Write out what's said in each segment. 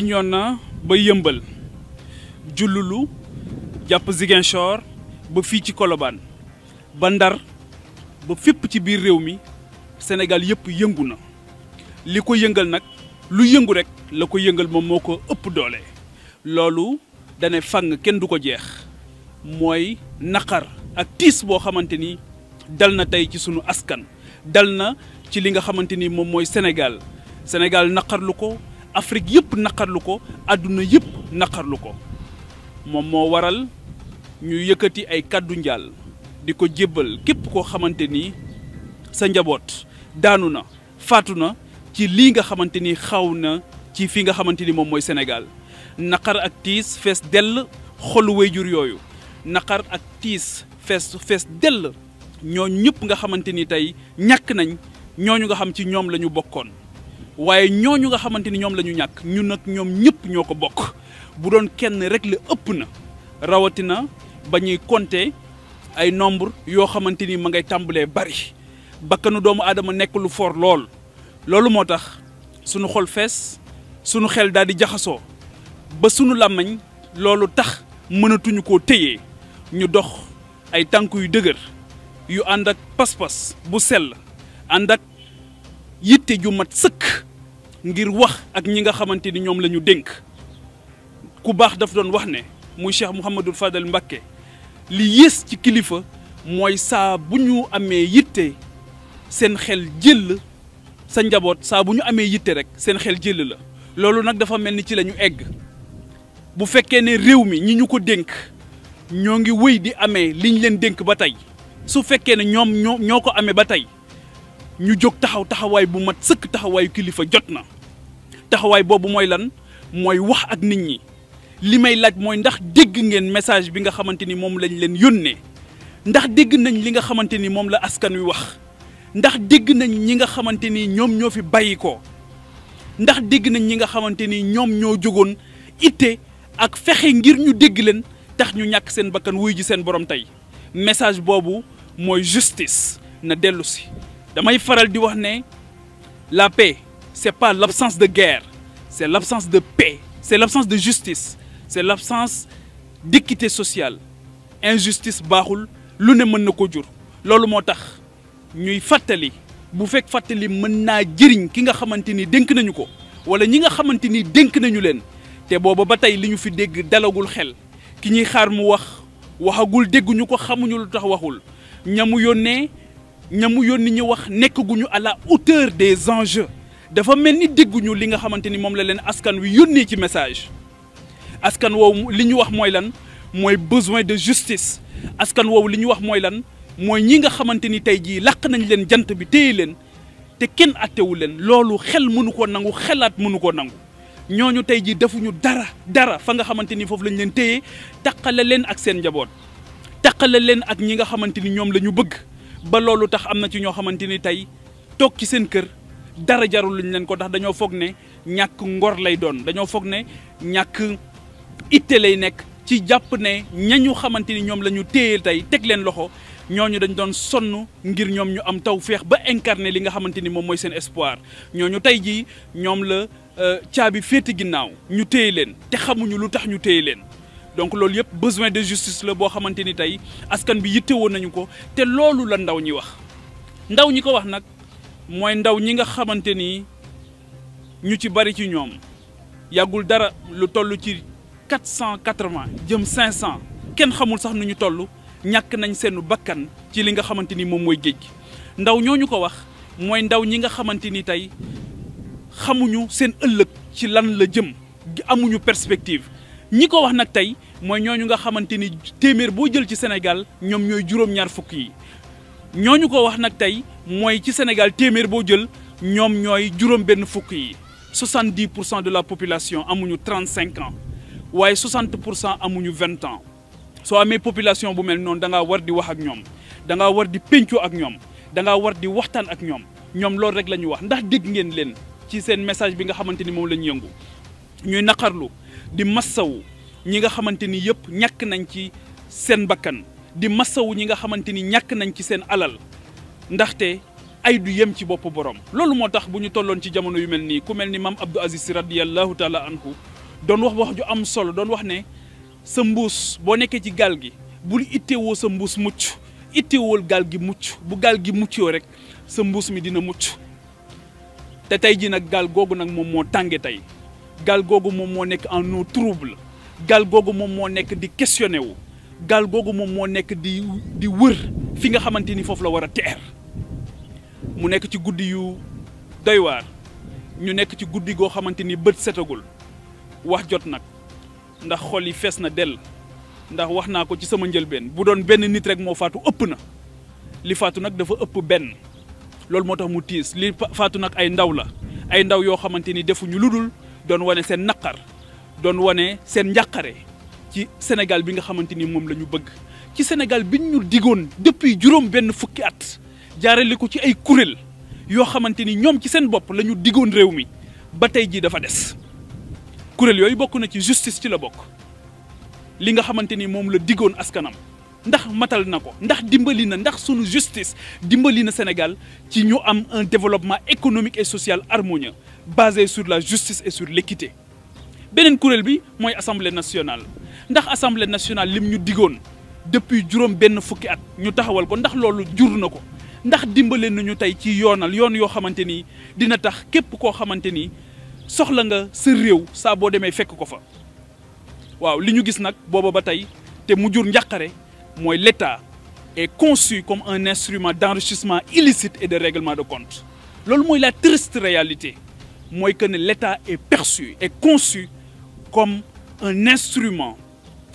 Bignona ba Yëmbal jullulu jàpp Ziguinchor ba fii ci kolobaan ba Ndar ba fépp ci biir réew mi Sénégal yëpp yëngu na li ko yëngal nag lu yëngu rek la ko yëngal moom moo ko ëpp doole loolu dane fànn kenn du ko jeex mooy naqar ak tiis boo xamante ni dal na tey ci sunu askan dal na ci li nga xamante ni moom mooy Sénégal Sénégal naqarlu ko Afrique yëpp naqarlu ko àdduna yëpp naqarlu ko moom moo waral ñu yëkkati ay kàddu njaal di ko jébbal képp koo xamante ni sa njaboot daanu na faatu na ci lii nga xamante ni xaw na ci fii nga xamante ni moom mooy senegal naqar ak tiis fees dell xolu wayjur yooyu naqar ak tiis fees fees dell ñoo ñëpp nga xamante ni tey ñàkk nañ ñooñu nga xam ci ñoom lañu bokkoon waaye ñu nga xamante ni ñoom la ñu ñàkk ñun nag ñoom ñëpp ñoo ko bokk bu doon kenn rek la ëpp na rawatina ba ñuy compter ay nombre yoo xamante ni ma ngay tàmbalee bari bakkanu doomu aadama nekk lu foor lool loolu moo tax sunu xol fees sunu xel daal di jaxasoo ba sunu làmmiñ loolu tax mënatuñu koo téye ñu dox ay tànk yu dëgër yu ànd ak pas-pas bu sell ànd ak yitte ju mat sëkk ngir wax ak ñi nga xamante ni ñoom lañu dénk ku baax daf doon wax ne muy Cheikh Mouhamadul Fadal Mbacké li yées ci kilifa mooy saa bu ñu amee yitte seen xel jël sa njaboot saa bu ñu amee yitte rek seen xel jël la loolu nag dafa mel ni ci lañu egg bu fekkee ne réew mi ñi ñu ko dénk ñoo ngi wéy di amee liñ leen dénk ba tey su fekkee ne ñoom ñoo ñoo ko amee ba tey ñu jóg taxaw taxawaay bu mat sëkk taxawaayu kilifa jot na taxawaay boobu mooy lan mooy wax ak nit ñi li may laaj mooy ndax dégg ngeen message bi nga xamante ni moom lañ leen yónnee ndax dégg nañ li nga xamante ni moom la askan wi wax ndax dégg nañ ñi nga xamante ni ñoom ñoo fi bàyyi ko ndax dégg nañ ñi nga xamante ni ñoom ñoo jógoon itte ak fexe ngir ñu dégg leen tax ñu ñàkk seen bakkan wuy ji seen borom tey message boobu mooy justice na dellu si damay faral di wax ne la paix c'est pas l'absence de guerre c'est l'absence de paix c'est l'absence de justice c'est l'absence d'équité sociale injustice baaxul lu ne mën na ko jur loolu moo tax ñuy fàttali bu fekk fàttali mën naa jëriñ ki nga xamante ni dénk nañu ko wala ñi nga xamante ni dénk nañu leen te booba ba tey li ñu fi dégg dalagul xel ki ñuy xaar mu wax waxagul dégguñu ko xamuñu lu tax waxul ñamu yónnee ñam mu yónni ñu wax nekkaguñu à la hauteur des enjeux dafa mel ni dégguñu li nga xamante ni moom la leen askan wi yónnee ci message askan woowu li ñu wax mooy lan mooy besoin de justice askan woowu li ñu wax mooy lan mooy ñi nga xamante ni tey jii làq nañ leen jant bi téye leen te kenn attewu leen loolu xel mënu ko nangu xelaat mënu ko nangu ñooñu tey jii defuñu dara dara fa nga xamante ni foofu lañ leen téye taqale leen ak seen njaboot taqale leen ak ñi nga xamante ni ñoom la ñu bëgg. ba loolu tax am na ci ñoo xamante ni tey toog ci seen kër dara jarul luñ leen ko tax dañoo foog ne ñàkk ngor lay doon dañoo foog ne ñàkk itte lay nekk ci jàpp ne ñañu xamante ni ñoom la ñu téye tey teg leen loxo ñooñu dañ doon sonn ngir ñoom ñu am taw féex ba incarné li nga xamante ni moom mooy seen espoir ñooñu tey jii ñoom la euh, caabi féete ginnaaw ñu téye leen te xamuñu lu tax ñu téye leen. donc loolu yëpp besoin de justice la boo xamante ni tey askan bi yittewoon nañu ko te loolu la ndaw ñi wax ndaw ñi ko wax nag mooy ndaw ñi nga xamante ni ñu ci bari ci ñoom yàggul dara lu toll ci quatre cent quatre-vingts jëm cinq cent kenn xamul sax nu ñu toll ñàkk nañ seenu bakkan ci li nga xamante ni moom mooy géej gi ndaw ñooñu ko wax mooy ndaw ñi nga xamante ni tey xamuñu seen ëllëg ci lan la jëm amuñu perspective ñi ko wax nag tey mooy ñooñu nga xamante ni téeméer boo jël ci Sénégal ñoom ñooy juróom-ñaar fukk yi ñooñu ko wax nag tey mooy ci Sénégal téeméer boo jël ñoom ñooy juróom-benn fukk yi 70 pour cent de la population amuñu trent cinq ans waaye 60 pour cent amuñu 20 ans soo amee population bu mel noonu da ngaa war di wax ak ñoom da ngaa war di péncoo ak ñoom da ngaa war di waxtaan ak ñoom ñoom loolu rek la ñu wax ndax dégg ngeen leen ci seen message bi nga xamante ni moom la ñu yëngu ñuy naqarlu. di massawu ñi nga xamante ni yëpp ñàkk nañ ci seen bakkan di massawu ñi nga xamante ni ñàkk nañ ci seen alal ndaxte ay du yem ci bopp borom. loolu moo tax bu ñu tolloon ci jamono yu mel nii ku mel ni maam Abdou Aziz si radiyallahu an anhu doon wax wax ju am solo doon wax ne sa mbuus boo nekkee ci gaal gi bul ittewoo sa mbuus mucc ittewool gaal gi mucc bu gaal gi muccoo rek sa mbuus mi dina mucc te tey ji nag gaal googu nag moom moo tàngee tey. gaal googu moom moo nekk en eau trouble gaal googu moom moo nekk di questionné wu gaal googu moom moo nekk di di wër fi nga xamante ni foofu la war a teer mu nekk ci guddi yu doy ñu nekk ci guddi goo xamante ni bët setagul wax jot nag ndax xol yi fees na dell ndax wax naa ko ci sama njëlbeen bu doon benn nit rek moo faatu ëpp na li faatu nag dafa ëpp benn loolu moo tax mu tiis li faatu nag ay ndaw la ay ndaw yoo xamante ni defuñu lu dul doon wane seen naqar doon wane seen njàqare ci Sénégal bi nga xamante ni moom lañu bëgg ci Sénégal bi ñu digoon depuis juróom benn fukki at jaarale ko ci ay kuréel yoo xamante ni ñoom ci seen bopp lañu diggoon réew mi ba tey jii dafa des kuréel yooyu bokk na ci justice ci la bokk li nga xamante ni moom la digoon askanam ndax matal na ko ndax dimbali na ndax sunu justice dimbali na Sénégal ci ñu am un développement économique et social harmonieux basé sur la justice et sur l'équité beneen kuréel bi mooy assemblée nationale ndax assemblée nationale lim ñu diggoon depuis juróom benn fukki at ñu taxawal ko ndax loolu jur na ko ndax dimbale nañu tey ci yoonal yoon yoo xamante ni dina tax képp koo xamante ni soxla nga sa réew saa boo demee fekk ko fa waaw li ñu gis nag booba ba tey te mu jur njàqare mooy l'État es conçu comme un instrument d'enrichissement illicite et de règlement de compte loolu mooy la triste réalité mooy que ne l'État est perçu est conçu comme un instrument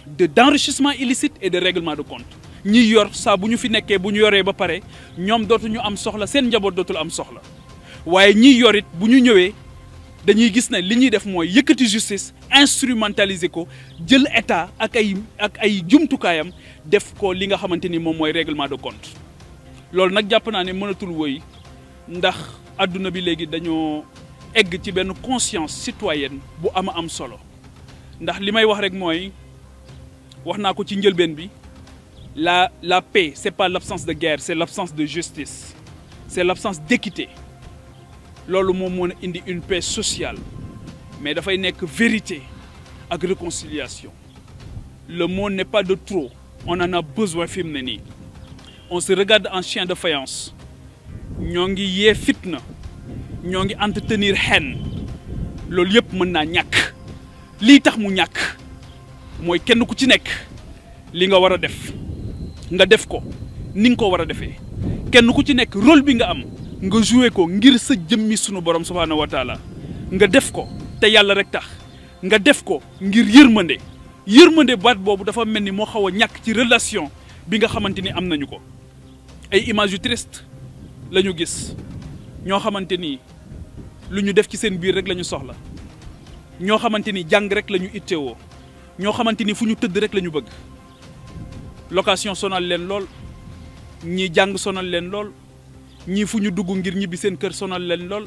de d'enrichissement illicite et de règlement de compte ñi yor saa bu ñu fi nekkee bu ñu yoree ba pare ñoom dootuñu am soxla seen njaboot dootul am soxla waaye ñi yor bu ñu ñëwee dañuy gis ne li ñuy def mooy yëkkati justice instrumentaliser ko jël état ak ay ak ay jumtukaayam def ko li nga xamante ni moom mooy réglement de compte loolu nag jàpp naa ne mënatul woy ndax àdduna bi léegi dañoo egg ci benn conscience citoyenne bu ama am solo ndax li may wax rek mooy wax naa ko ci njëlbeen bi la la paix c'est pas l'absence de guerre c'est l'absence de justice c'est l'absence d'équité loolu moom moo na indi une paix sociale mais dafay nekk vérité ak réconciliation le mot n'est pas de trop on en a besoin fi mu ne nii on se regarde en chien de faïence ñoo ngi yee fitna ñoo ngi entretenir haine loolu yëpp mën naa ñàkk lii tax mu ñàkk mooy kenn ku ci nekk li nga war a def nga def ko ni nga ko war a defee kenn ku ci nekk rôle bi nga am nga joué ko ngir sa jëmmi sunu borom subhaanahu wa nga def ko te yàlla rek tax nga def ko ngir yërmande yërmande baat boobu dafa mel ni moo xaw a ñàkk ci relation bi nga xamante ni am nañu ko ay images yu triste la ñu gis ñoo xamante ni lu ñu def ci seen biir rek la ñu soxla ñoo xamante ni jàng rek lañu ñu ittewoo ñoo xamante ni fu ñu tëdd rek la ñu bëgg location sonal leen lool ñi jàng sonal leen lool. ñii fu ñu dugg ngir ñibbi seen kër sonal leen lool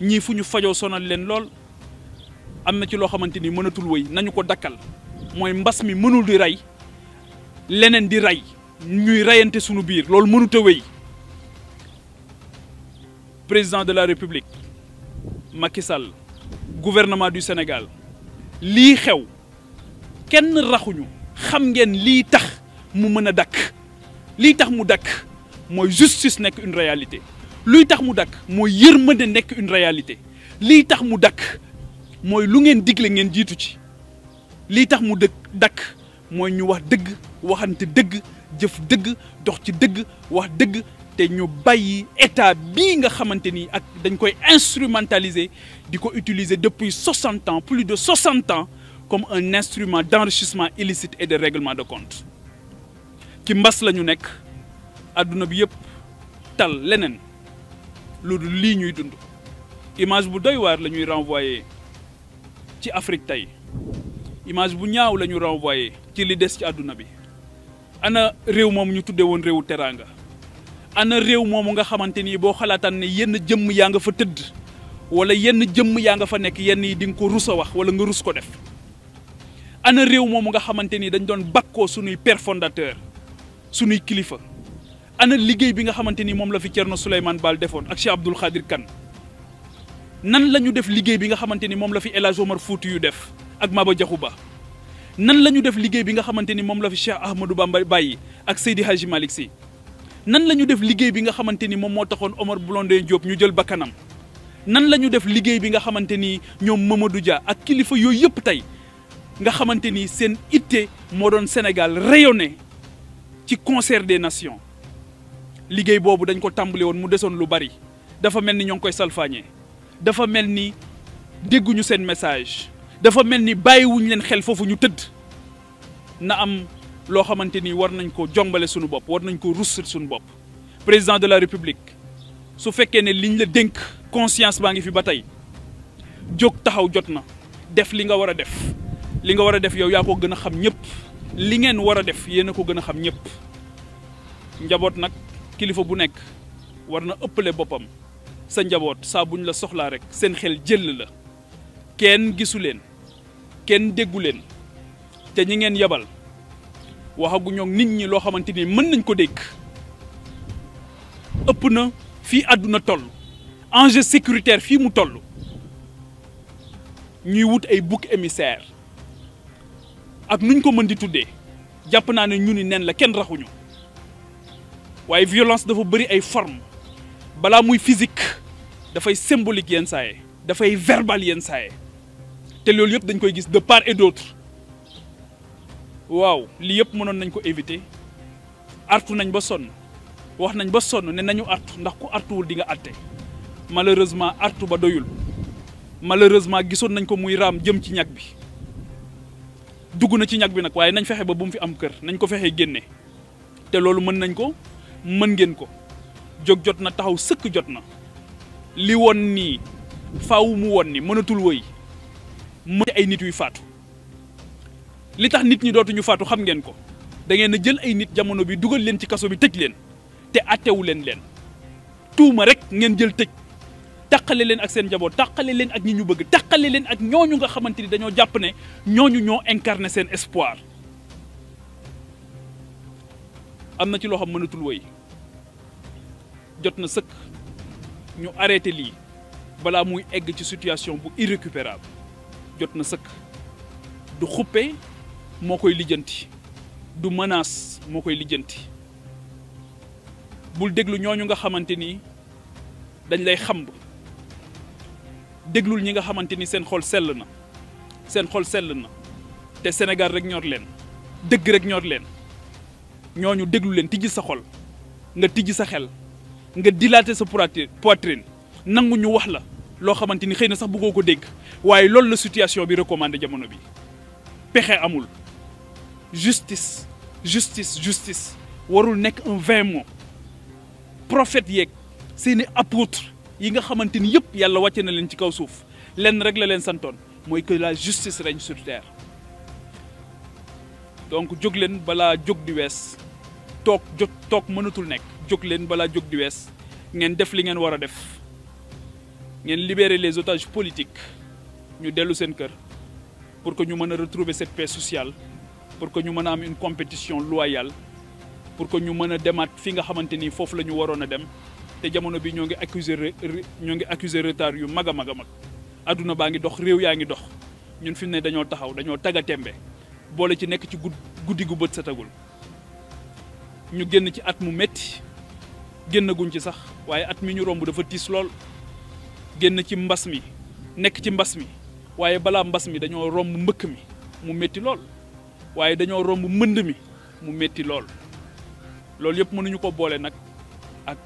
ñii fu ñu fajoo sonal leen lool am na ci loo xamante ni mënatul wëy nañu ko dakkal mooy mbas mi mënul di rey leneen di rey ñuy reyante sunu biir loolu mënut a président de la république Macky Sall gouvernement du Sénégal lii xew kenn raxuñu xam ngeen lii tax mu mën a dakk lii tax mu dakk mooy justice nekk une réalité luy tax mu dakk mooy yërmande nekk une réalité liy tax mu dakk mooy lu ngeen digle ngeen jiitu ci liy tax mu dëkk dakk mooy ñu wax dëgg waxante dëgg jëf dëgg dox ci dëgg wax dëgg te ñu bàyyi état bii nga xamante ni ak dañ koy instrumentaliser di ko utiliser depuis soixante ans plus de soixante ans comme un instrument d'enrichissement illicite et de règlement de compte ci mbas la ñu nekk àdduna bi yëpp tal leneen loolu lii ñuy dund image bu doy waar la ñuy renvoyé ci Afrique tey image bu ñaaw la ñu renvoyé ci li des ci àdduna bi ana réew moom ñu tudde woon réewu teraanga ana réew moomu nga xamante ni boo xalaataan ne yenn jëm yaa nga fa tëdd wala yenn jëmm yaa nga fa nekk yenn yi di nga ko rus a wax wala nga rus ko def ana réew moomu nga xamante ni dañ doon bakkoo suñuy père sunuy kilifa ana liggéey bi nga xamante ni moom la fi Thierno Souleymane Baal defoon ak Cheikh Abdoul Khadir Kane nan la ñu def liggéey bi nga xamante ni moom la fi El Hadj Omar Fouti yu def ak Maba Diakhou Ba nan la ñu def liggéey bi nga xamante ni moom la fi Cheikh Ahmadou Bamba bàyyi ak Seydi Hadji Malick si nan la ñu def liggéey bi nga xamante ni moom moo taxoon Omar Blondin Diop ñu jël bakkanam nan la ñu def liggéey bi nga xamante ni ñoom Mamadou jaa ak kilifa yooyu yëpp tey nga xamante ni seen itte moo doon Sénégal rayonné ci concert des nations liggéey boobu dañ ko tàmbali woon mu desoon lu bari dafa mel ni ñoo ngi koy salfaañee dafa mel ni dégguñu seen message dafa mel ni bàyyiwuñ leen xel foofu ñu tëdd na am loo xamante ni war nañ ko jombale suñu bopp war nañ ko rus suñu bopp président de la république su fekkee ne liñ la dénk conscience baa ngi fii ba tey jóg taxaw jot na def li nga war a def li nga war a def yow yaa ko gën a xam ñëpp li ngeen war a def yéen a ko gën a xam ñëpp njaboot nag kilifa bu nekk war na ëppale boppam sa njaboot saa buñ la soxlaa rek seen xel jël la kenn gisu leen kenn déggu leen te ñi ngeen yabal waxaguñoo nit ñi loo xamante ni mën nañ ko dégg ëpp na fii àdduna toll enjeu sécuritaire fii mu tollu ñuy wut ay bouc émissaire ak nuñ ko mën di tuddee jàpp naa ne ñu ni neen la kenn raxuñu waaye violence dafa bëri ay forme balaa muy fisik dafay symbolique yenn saa dafay verbal yenn saaye te loolu yëpp dañ koy gis de part et d'autre waaw lii yëpp mënoon nañ ko éviter artu nañ ba sonn wax nañ ba sonn ne nañu artu ndax ku artuwul di nga atte malheureusement artu ba doyul malheureusement gisoon nañ ko muy raam jëm ci ñag bi dugg na ci ñag bi nag waaye nañ fexe ba bu mu fi am kër nañ ko fexe génne te loolu mën nañ ko mën ngeen ko jóg jot na taxaw sëkk jot na li won nii faaw mu woon ni mënatul woy mën ay nit yuy faatu li tax nit ñi dootuñu faatu xam ngeen ko dangeen a jël ay nit jamono bi dugal leen ci kaso bi tëj leen te attewu leen leen tuuma rek ngeen jël tëj taqale leen ak seen njaboot taqale leen ak ñi ñu bëgg taqale leen ak ñooñu nga xamante ni dañoo jàpp ne ñooñu ñoo incarné seen espoir am na ci loo xam mënatul woy jot na sëkk ñu arrêté lii balaa muy egg ci situation bu irrécupérable jot na sëkk du xuppe moo koy lijjanti du menace moo koy lijjanti bul déglu ñooñu nga xamante ni dañ lay xamb déglul ñi nga xamante ni seen xool sell na seen xool sell na te Sénégal rek ñor leen dëgg rek ñor leen ñoo ñu déglu leen tijji sa xol nga tijji sa xel nga dilaté sa poitrine nangu ñu wax la loo xamante ni xëy na sax buggoo ko dégg waaye loolu la situation bi recommandé jamono bi pexe amul justice justice justice warul nekk un vain mot prophète yeeg seeni apôtre yi nga xamante ni yëpp yàlla wàcce na leen ci kaw suuf lenn rek la leen santoon mooy que la justice règne sur donc jóg leen balaa jóg di wees toog jot toog mënatul nekk jóg leen balaa jóg di wees ngeen def li ngeen war a def ngeen libérer les otages politiques ñu dellu seen kër pour que ñu mën a retrouver cette paix sociale pour que ñu mën a am une compétition loyale pour que ñu mën a demaat fi nga xamante ni foofu la ñu waroon a dem te jamono bi ñoo ngi accuser ñoo ngi accuser retard yu mag a mag a mag àdduna baa ngi dox réew yaa ngi dox ñun fi mu ne dañoo taxaw dañoo taggatémbe boole ci nekk ci guddi gu bët setagul ñu génn ci at mu metti génnaguñ ci sax waaye at mi ñu romb dafa tiis lool génn ci mbas mi nekk ci mbas mi waaye balaa mbas mi dañoo romb mbëkk mi mu metti lool waaye dañoo romb mbënd mi mu metti lool loolu yëpp mënuñu ko boole nag ak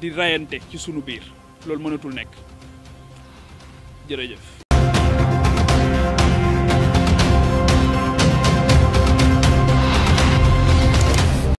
di rayante ci sunu biir loolu mënatul nekk jërëjëf